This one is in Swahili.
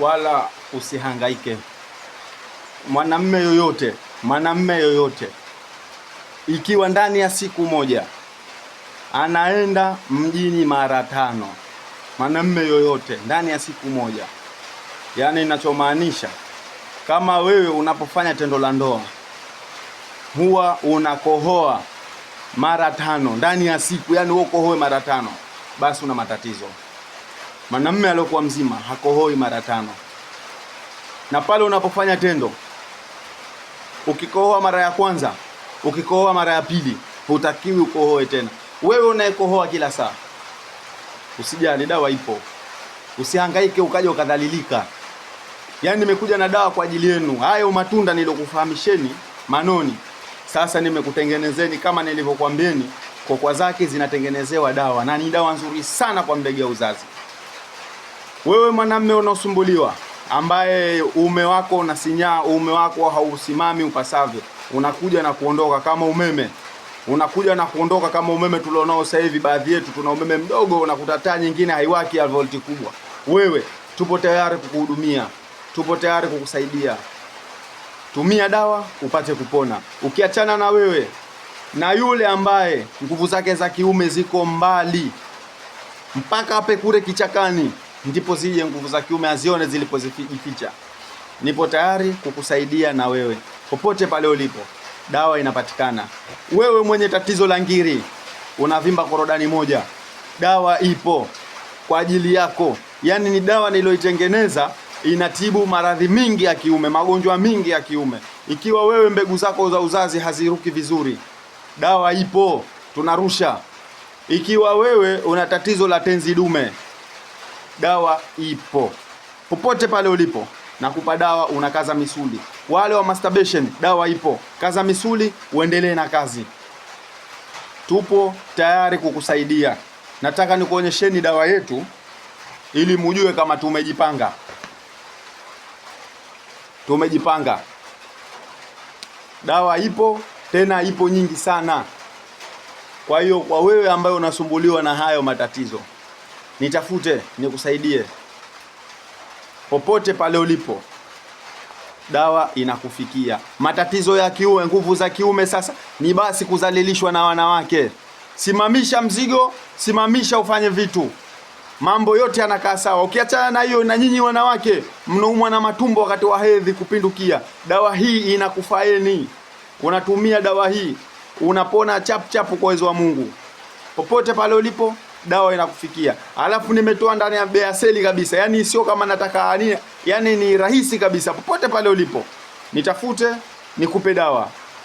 wala usihangaike. Mwanamme yoyote, mwanamme yoyote, ikiwa ndani ya siku moja anaenda mjini mara tano, mwanamme yoyote ndani ya siku moja, yaani inachomaanisha kama wewe unapofanya tendo la ndoa huwa unakohoa mara tano ndani ya siku, yaani wewe ukohoe mara tano, basi una matatizo. Mwanamume aliyokuwa mzima hakohoi mara tano, na pale unapofanya tendo, ukikohoa mara ya kwanza, ukikohoa mara ya pili, hutakiwi ukohoe tena. Wewe unayekohoa kila saa, usijali, dawa ipo, usihangaike ukaja ukadhalilika. Yaani nimekuja na dawa kwa ajili yenu. Hayo matunda nilokufahamisheni Manoni, sasa nimekutengenezeni kama nilivyokuambieni, kokwa zake zinatengenezewa dawa na ni dawa nzuri sana kwa mbege ya uzazi. Wewe mwanamme unaosumbuliwa, ambaye uume wako unasinyaa, uume wako hausimami upasavyo, unakuja na kuondoka kama umeme, unakuja na kuondoka kama umeme tulionao sasa hivi. Baadhi yetu tuna umeme mdogo, unakuta taa nyingine haiwaki ya volti kubwa. Wewe tupo tayari kukuhudumia, tupo tayari kukusaidia. Tumia dawa upate kupona. Ukiachana na wewe na yule ambaye nguvu zake za kiume ziko mbali mpaka ape kule kichakani ndipo zije nguvu za kiume azione zilipozificha. Nipo tayari kukusaidia na wewe popote pale ulipo, dawa inapatikana. Wewe mwenye tatizo la ngiri, unavimba korodani moja, dawa ipo kwa ajili yako. Yaani ni dawa niliyoitengeneza inatibu maradhi mingi ya kiume, magonjwa mingi ya kiume. Ikiwa wewe mbegu zako za uzazi haziruki vizuri, dawa ipo, tunarusha. Ikiwa wewe una tatizo la tenzi dume dawa ipo popote pale ulipo, nakupa dawa, unakaza misuli. Wale wa masturbation, dawa ipo, kaza misuli, uendelee na kazi. Tupo tayari kukusaidia. Nataka nikuonyesheni dawa yetu ili mujue kama tumejipanga. Tumejipanga, dawa ipo, tena ipo nyingi sana. Kwa hiyo kwa wewe ambaye unasumbuliwa na hayo matatizo nitafute nikusaidie. Popote pale ulipo, dawa inakufikia. Matatizo ya kiume, nguvu za kiume sasa ni basi kuzalilishwa na wanawake. Simamisha mzigo, simamisha ufanye vitu, mambo yote yanakaa sawa. Ukiachana na hiyo, na nyinyi wanawake mnaumwa na matumbo wakati wa hedhi kupindukia, dawa hii inakufaeni. Unatumia dawa hii unapona chap chap kwa uwezo wa Mungu. Popote pale ulipo dawa inakufikia. Alafu nimetoa ndani ya beaseli kabisa, yani sio kama nataka nini, yani ni rahisi kabisa, popote pale ulipo nitafute nikupe dawa.